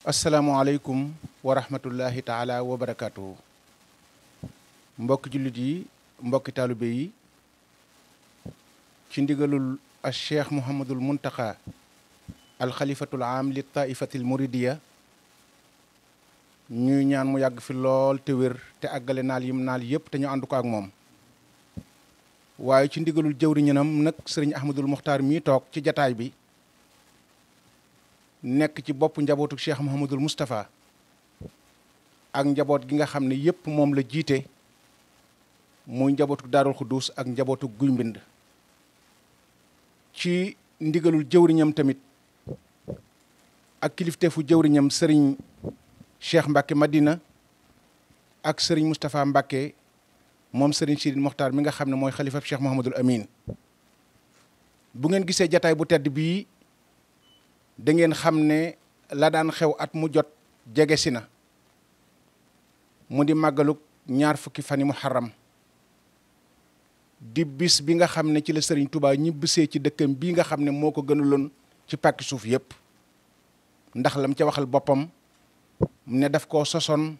asalaamualeykum wa rahmatullahi taala wa barakaatu. mbokki jullit yi mbokki taalibe yi ci ndigalul al cheikh mouhamadul muntaqa al xalifatul aam li taifatil muridiya ñuy ñaan mu yàgg fi lool te wér te àggale naal yim naal yépp te ñu ànd ko ak moom waaye ci ndigalul jëwriñanam nag sëriñ ahmadul muxtaar mii toog ci jataay bi nekk ci bopp njabootu Cheikh Mouhamadul Moustapha ak njaboot gi nga xam ne yépp moom la jiite muy njabootu Daarul Xuduus ak njabootu Guy Mbind ci ndigalul jëwriñam tamit ak kilifteefu jëwriñam sëriñ Cheikh Mbacke Madina ak sëriñ Moustapha Mbacke moom sëriñ Sidine Mokhtar mi nga xam ne mooy xalifa Cheikh Mouhamadul Amin bu ngeen gisee jataay bu tedd bii dangeen xam ne la daan xew at mu jot jege si na mu di màggalug ñaar fukki fan fani muharram di bis bi nga xam ne ci la Serigne tubaa ñibbisee ci dëkkam bii nga xam ne moo ko gënaloon ci pàkki suuf yépp ndax lam ca waxal boppam ne daf koo sosoon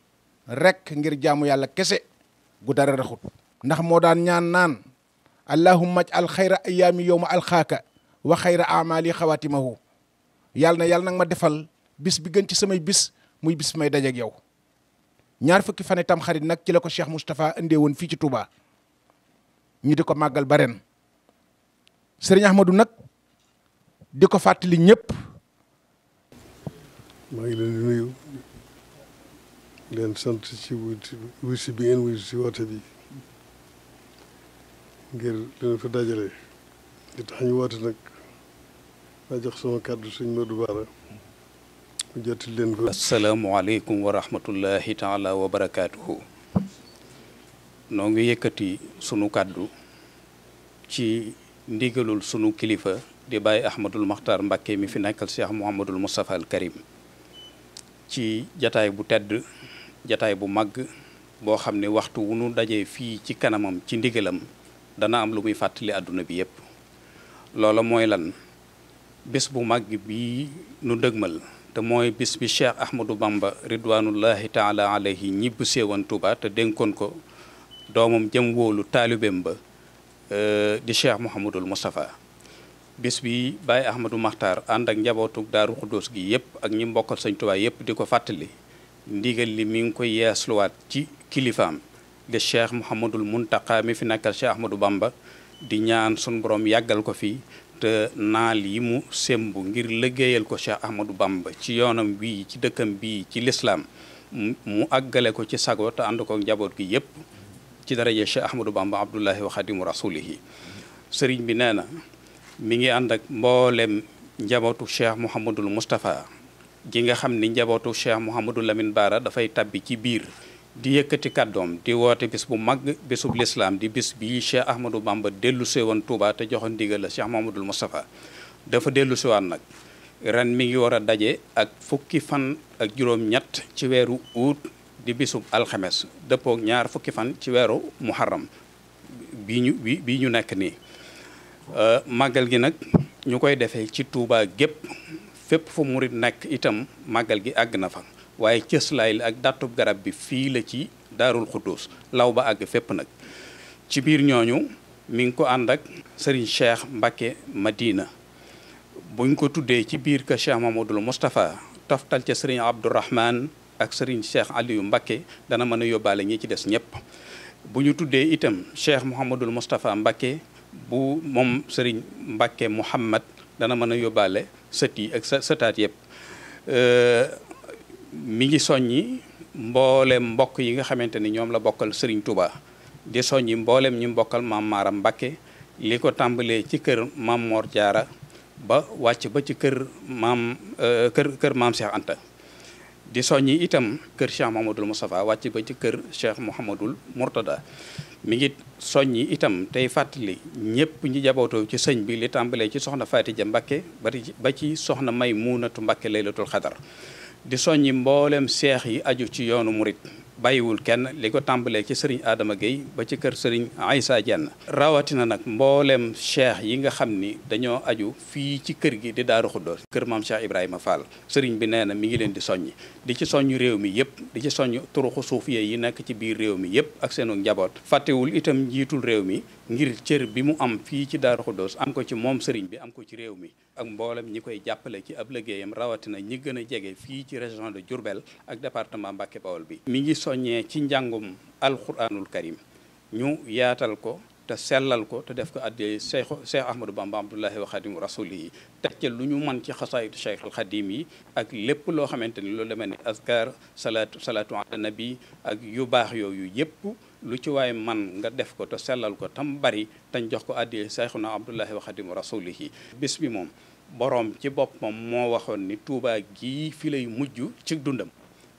rekk ngir jaamu yàlla kese gu dara raxut ndax moo daan ñaan naan allahumma aj al xayra ayaami yowma alxaaka wa xayra amali xawatimahu yàlla na yàlla nag ma defal bis bi gën ci samay bis muy bis may dajeeg yow ñaar fukki fan itam xarit nag ci la ko Cheikh Moustapha indee woon fii ci Touba ñu di ko màggal ba ren sëriñ Ahmadou nag di ko fàttali ñëpp. maa leen di nuyu leen sant bi ngeen wuusi si woote ngir leen fa dajale li tax ñu woote nag. ma jox sama kàddu sëñ Modou wa rahmatullahi noo ngi yëkkati sunu kàddu ci ndigalul sunu kilifa di bàyyi ahmadul maxtar Mbàkke mi fi nekkal cheikh mouhamadul moustapha al karim ci jataay bu tedd jataay bu magg boo xam ne waxtu wu nu dajee fii ci kanamam ci ndigalam dana am lu muy fàttali àdduna bi yépp loola mooy lan bis bu mag bii nu dëgmal te mooy bis bi Cheikh ahmadu Bamba ridwanullahi taala alayhi ñibb séewan Touba te dénkoon ko doomam jëm wóolu taalibeem ba euh, di Cheikh Mouhamadul Moustapha bis bi Baye Ahmadou Makhtar ànd ak njabootu Daaru Xuddoos gi yépp ak ñi mbokkal Sëñ Touba yépp di ko fàttali ndigal li mi ngi koy yeesluwaat ci kilifaam di Cheikh Mouhamadul Muntaqa mi fi nekkal Cheikh Ahmadou Bamba di ñaan sun borom yàggal ko fii Eh, naal yi mu semb ngir liggéeyal ko Cheikh Ahmadou Bamba ci yoonam wii ci dëkkam bii ci lislaam mu àggale ko ci sago te ànd njaboot gi yépp ci daraja Cheikh Ahmadou Bamba Abdullahi wa Rasulihi sëriñ bi nee na mi ngi ànd ak mboolem njabootu Cheikh Mouhamadul Moustapha ji nga xam ni njabootu Cheikh Mouhamadul Lamine Baara dafay tabbi ci biir di yëkkati kàddoom di woote bis bu mag bisub lislaam di bis bii Cheikh Ahmadou Bamba dellu woon Touba te joxoon ndigal la Cheikh Mahamadul Moustapha dafa dellu waan nag ren mi ngi war a daje ak fukki fan ak juróom-ñett ci weeru août di bisub alxames dëppook ñaar fukki fan ci weeru muharram bii ñu bi ñu nekk nii euh, màggal gi nag ñu koy defee ci Touba gépp fépp fu murit nekk itam màggal gi àgg na fa waaye cëslaay la ak dàttub garab bi fii la ci daarul xudduus law ba àgg fépp nag ci biir ñooñu mi ngi ko ànd ak sëriñ cheikh Mbacke Madina buñ ko tuddee ci biir ka cheikh Mamadul Moustapha toftal ca sëriñ Abdourahman ak sëriñ cheikh Aliou Mbacke dana mën a yóbbaale ñi ci des ñëpp bu ñu tuddee itam cheikh Mouhamadul Moustapha Mbacke bu moom sëriñ Mbacke Mouhamad dana mën a yóbbaale sët yi ak sa sëtaat yëpp. Euh, mi ngi soññi mboolem mbokk yi nga xamante ni ñoom la bokkal sëriñ Touba di soññi mbooleem ñi mbokkal maam Maaram Mbakke li ko tàmbalee ci kër maam Mor Diarra ba wàcc ba ci kër maam euh, kër kër maam Cheikh di soññi itam kër Cheikh Mouhamadul Moustapha wàcc ba ci kër Cheikh Mouhamadul Mourtada mi ngi soññi itam tey fàttali ñëpp ñi jabootoo ci sëñ bi li tàmbalee ci soxna Faatija Mbakke ba ci soxna May Muunatu Mbakke latul xadar di soññi mboolem seex yi aju ci yoonu murit bàyyiwul kenn li ko tàmbalee ci sëriñ aadama Guèye ba ci kër sëriñ Aïssa Dieng rawatina nag mboolem cheikh yi nga xam ni dañoo aju fii ci kër gi di Daaru Xuddoos kër maam Cheikh Ibrahima Fall sëriñ bi nee na mi ngi leen di soññ di ci soññ réew mi yëpp di ci soññ turuxu suufiye yi nekk ci biir réew mi yëpp ak seenu njaboot fàttewul itam njiitul réew mi ngir cër bi mu am fii ci Daaru Xuddoos am ko ci moom sëriñ bi am ko ci réew mi ak mboolem ñi koy jàppale ci ab liggéeyam rawatina ñi gën a jege fii ci région de Diourbel ak département Mbacké Bawol bi mi ngi soññee ci njàngum alxuraanul karim ñu yaatal ko te sellal ko te def ko addee Cheikh Cheikh Ahmadou Bamba Abdullahi wa Xadimu Rasuli yi teg ca lu ñu mën ci xasaayitu Cheikh al Xadim yi ak lépp loo xamante ni loolu demee ni askar salaatu salaatu ala nabi ak yu baax yooyu yëpp lu ci waay man nga def ko te sellal ko tam bari tañ jox ko addiyee sayxuna abdullahi wa xadimu rasulihi bis bi moom boroom ci boppam moo waxoon ni Touba gii fi lay mujj ci dundam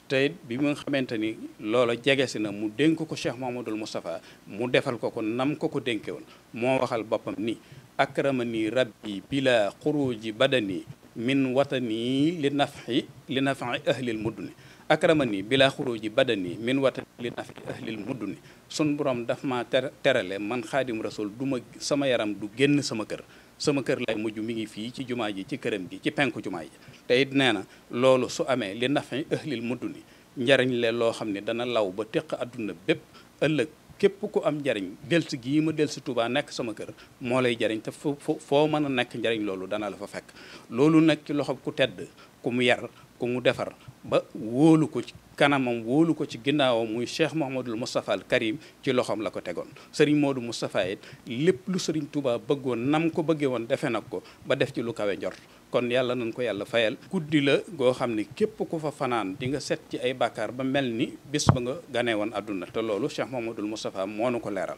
te bi mu nga xamante ni loolo jege si na mu dénk ko Cheikh Mouhamadoul Moustapha mu defal ko ko nam ko ko dénke woon moo waxal boppam ni akramani rabbi bila xuruji badani min watani li nafxi li nafxi ahlil muduni akramani ji xuruji badani min watalin afi ahlil mudduni sun borom daf ma terale man xaadim rasul du ma sama yaram du génn sama kër sama kër lay mujj mi ngi fii ci jumaa ji ci këram gi ci penku jumaa ji te it na loolu su amee li nafi ahlil mudduni njariñ leen loo xam ne dana law ba teq adduna bépp ëllëg képp ku am njariñ delsi gii ma delsi Touba nekk sama kër moo lay jariñ te foo foo mën a nekk njariñ loolu dana la fa fekk loolu nag ci loxo ku tedd ku mu yar ku mu defar ba wóolu ko ci kanamam wóolu ko ci ginnaawam muy cheikh Mouhamadul Moustapha Karim ci loxoom la ko tegoon sëriñ Modou Moustapha lépp lu sëriñ Touba bëggoon nam ko bëggee woon defe nag ko ba def ci lu kawe njort kon yàlla nañ ko yàlla fayal guddi la goo xam ne képp ku fa fanaan di nga set ci ay bàkkaar ba mel ni bés ba nga ganee woon àdduna te loolu Cheikh Mamadou Moustapha moo nu ko leeral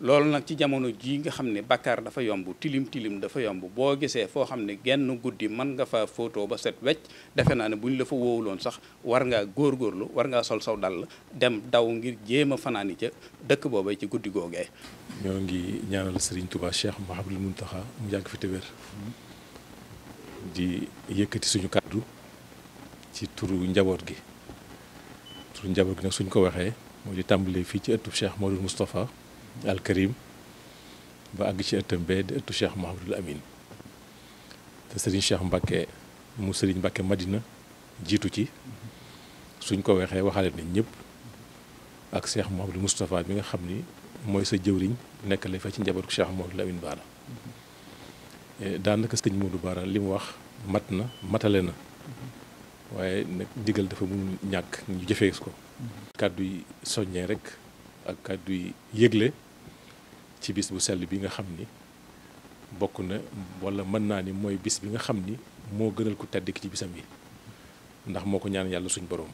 loolu nag jamono jii nga xam ne bàkkaar dafa yomb tilim tilim dafa yomb boo gisee foo xam ne genn guddi mën nga fa photo ba set wecc defe naa ne bu ñu la fa wóowuloon sax war ngaa góorgóorlu war ngaa sol saw dal dem daw ngir jéem a fanaan yi ca dëkk booba ci guddi googee ñoo ngi ñaanal Serigne Touba Cheikh Mouhamadoul Mountakha mu yàgg fi di yëkkati suñu kàddu ci turu njaboot gi turu njaboot gi nag suñ ko waxee moo di tàmbalee fii ci ëttu Cheikh Modou Moustapha Al ba àgg ci ëttam bee di ëttu Cheikh Mahamadul Amin te sëriñ Cheikh Mbacke mu sëriñ Mbacke Madina jiitu ci suñ ko waxee waxaale nañ ñëpp ak Cheikh Mahamadul Moustapha bi nga xam ni mooy sa jëwriñ nekk la fa ci njabootu Cheikh Mahamadul Amin Baara Eh, daanaka sëñ Modou Bara li mu wax mat na matale na waaye nag digal dafa mënul ñàkk ñu jëfee ko. kàddu yi soññee rek ak kàddu yi yëgle ci bis bu sell bi nga xam ni bokk na walla mën naa ni mooy bis bi nga xam ni moo gënal ku tedd ci bisam yi ndax moo ko ñaan yàlla suñ boroom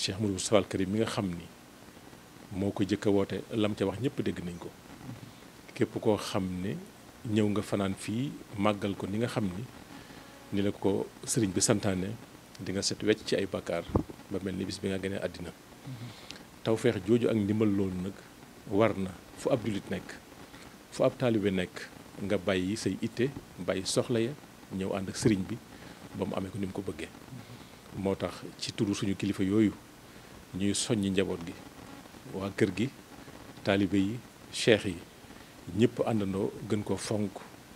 Cheikh Mourou Sawal mi nga xam ni moo ko jëkk woote lam ca wax ñëpp dégg nañ ko képp koo xam ne. ñëw nga fanaan fii màggal ko ni nga xam ni ni la ko sëriñ bi santaane di nga set wecc ci ay bakkaar ba mel ni bis bi nga gënee àddina tawfeex jooju ak ndimbal loolu nag war na fu ab jullit nekk fu ab taalibe nekk nga bàyyi say itte bàyyi soxla ya ñëw ànd ak sëriñ bi ba mu amee ko ni mu ko bëggee moo tax ci turu suñu kilifa yooyu ñuy soññ njaboot gi waa kër gi taalibe yi cheikh yi ñëpp àndandoo gën koo fonk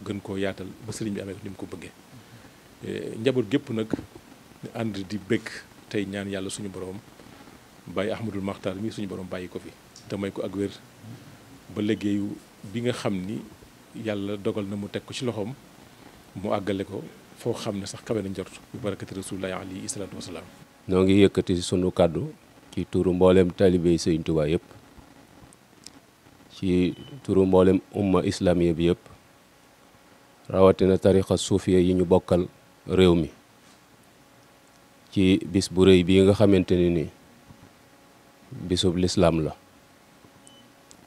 gën koo yaatal ba sëriñ bi amee ni mu ko bëggee e, njaboot gépp nag ànd di bëgg tey ñaan yàlla suñu borom bàyyi Ahmadul Maxtaar mii suñu borom bàyyi ko fi te may ko ak wér ba liggéeyu bi nga xam ni yàlla dogal na mu teg ko ci loxoom mu àggale ko foo xam ne sax kawe na njort bi barakati rasulullahi alayhi salaatu wasalaam. noo ngi yëkkati sunu kàddu ci tuuru mbooleem taalibe Sëriñ Tuubaa yëpp. ci turu mboolem umma islamiya bi yëpp rawatina tarixa suufiya yi ñu bokkal réew mi ci bis bu rëy bii nga xamante ne ni bisub lislaam la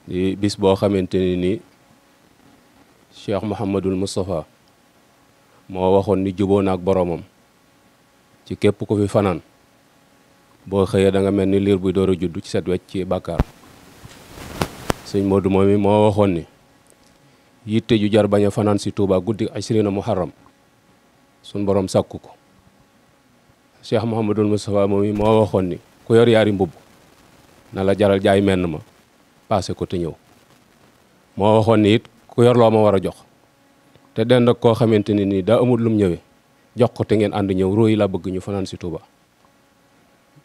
di bis boo xamante ne ni cheikh Mouhamadul Moustapha moo waxoon ni juboo na ak boroomam ci képp ko fi fanaan boo xëyee da nga mel ni liir buy door a juddu ci set wecc ci bàkkaar sëñ Modou moom mi moo waxoon ni yitte ju jar bañ a fanaan si Touba guddi na mu muharram suñ borom sàkku ko Cheikh Mouhamadul Moustapha moom moo waxoon ni ku yor yaari mbubb na la jaral jaay menn ma paase ko te ñëw moo waxoon ni it ku yor ma war a jox te dend koo xamante ni nii daa amul lum ñëwee jox ko te ngeen ànd ñëw róoyi la bëgg ñu fanaan si Touba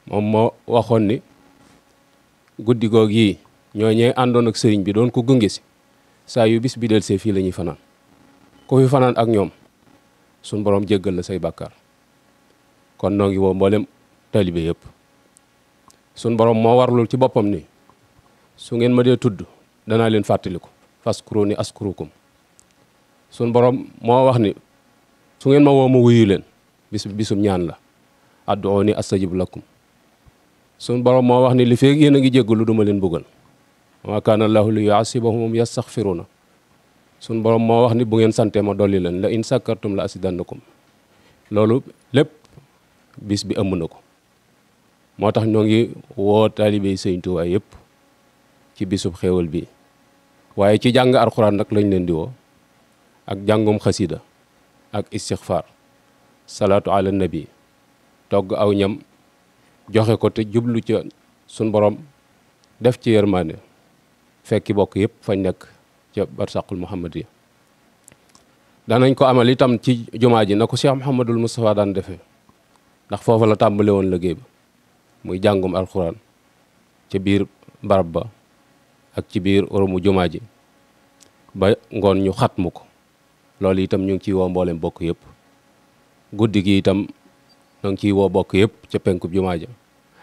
moom moo waxoon ni guddi goog yii ñoo ñee àndoon ak sëriñ bi doon ko gunge si saa yu bis bi delsee fii la ñuy fanaan ku fi fanaan ak ñoom suñ borom jéggal la say bàkkaar kon noo ngi woo mboolem taalibe yëpp suñ borom moo warlul ci boppam ni su ngeen ma dee tudd danaa leen fàttaliku faskuru ni askurukum suñ borom moo wax ni su ngeen ma woo ma wuyu leen bis bisum ñaan la addu oo ni astajib lakum sun borom moo wax ni li feeg yéen a ngi jéggalu duma leen bëggal wa maa kaana llaahu li yu'azzibahum hum na suñ borom moo wax ni bu ngeen santee ma dolli leen la in sakkartum la ko loolu lépp bis bi amuna ko moo tax ñoo ngi woo taalibey Sëñ Tuubaa yëpp ci bisub xéewal bi waaye ci jàng alxuraan nag lañ leen di woo ak jàngum xasida ak istixfaar salaatu ala nabi togg aw ñam joxe ko te jublu ca sun boroom def ci yërmaande fekki bokk yëpp fañ nekk ca barsaqul muhammadiya danañ ko amal itam ci jumaa ji na ko Cheikh Mouhamadul Moustapha daan defe ndax foofa la tàmbale woon liggéey ba muy jàngum alxuraan ca biir barab ba ak ci biir oromu jumaa ji ba ngoon ñu xat mu ko loolu itam ñu ngi ciy woo mboolem bokk yëpp guddi gi itam ñu ngi ciy woo bokk yëpp ca penku jumaa ja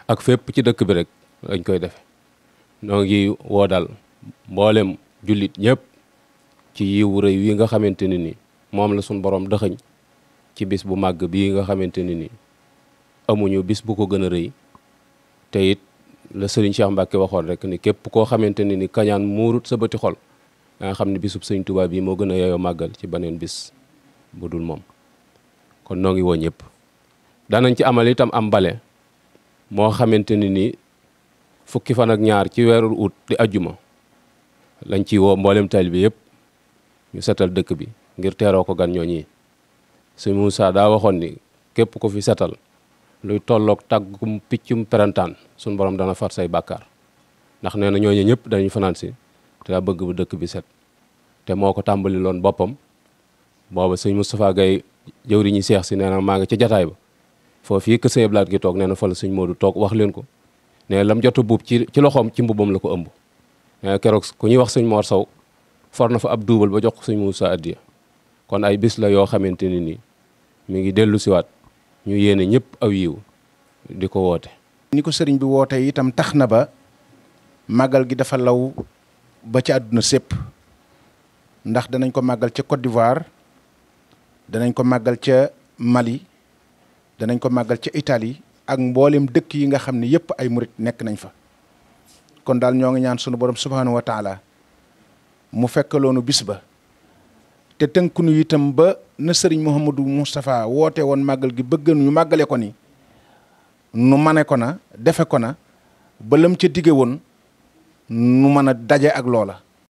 ak fépp ci dëkk bi rek lañ koy defe ñoo ngi woo daal mboolem jullit ñëpp ci yiwu rëy wii nga xamante ne ni moom la suñ borom dëxëñ ci bis bu màgg bii nga xamante ni ni amuñu bis bu ko gën a rëy te it la sëriñ Cheikh Mbacke waxoon rekk ni képp koo xamante ni ni kañaan muurut sa bëti xol nga xam ne bisu sëriñ Tuubaa bii moo gën a yeyoo màggal ci beneen bis bu dul moom kon noo ngi woo ñëpp danañ ci amal itam am bale moo xamante ni nii fukki fan ak ñaar ci weeru ut di ajjuma lañ ci woo mboolem taalibe yëpp ñu setal dëkk bi ngir teeroo ko gan ñooñi sëñ Moussa daa waxoon ni képp ko fi setal luy tolloog tàggum piccum perantaan suñ borom dana far say bàkkaar ndax nee na ñooñu ñëpp dañuy fanaan si te daa bëgg bu dëkk bi set te moo ko tàmbali loon boppam booba sëñ Moustapha Gaye jëwriñu seex si nee na maa ngi ca jataay ba foofu yi kë sëñ Ablaat gi toog nee na fa la sëñ Modou toog wax leen ko ne lam jot a buub ci ci loxoom ci mbubam la ko ëmb Eh, keroog ku ñuy wax sëñ moor saw for na fa ab duubal ba jox ko sëñ Moussa addiya kon ay bis la yoo xamante ne nii mu ngi dellu siwaat ñu yéene ñëpp aw yiw di ko woote. ni ko sëriñ bi woote itam tax na ba màggal gi dafa law ba ca àdduna sépp ndax danañ ko màggal ca Côte d'Ivoire danañ ko màggal ca Mali danañ ko màggal ca Italie ak mboolem dëkk yi nga xam ne yëpp ay murit nekk nañ fa. kon daal ñoo ngi ñaan sunu borom subhanahu wa taala mu fekkaloonu bis ba te tënkunu itam ba na sëriñ Mouhamadou Moustapha woote woon màggal gi bëgg ñu màggale ko ni nu mane ko na defe ko na ba lam ca dige woon nu mën a daje ak loola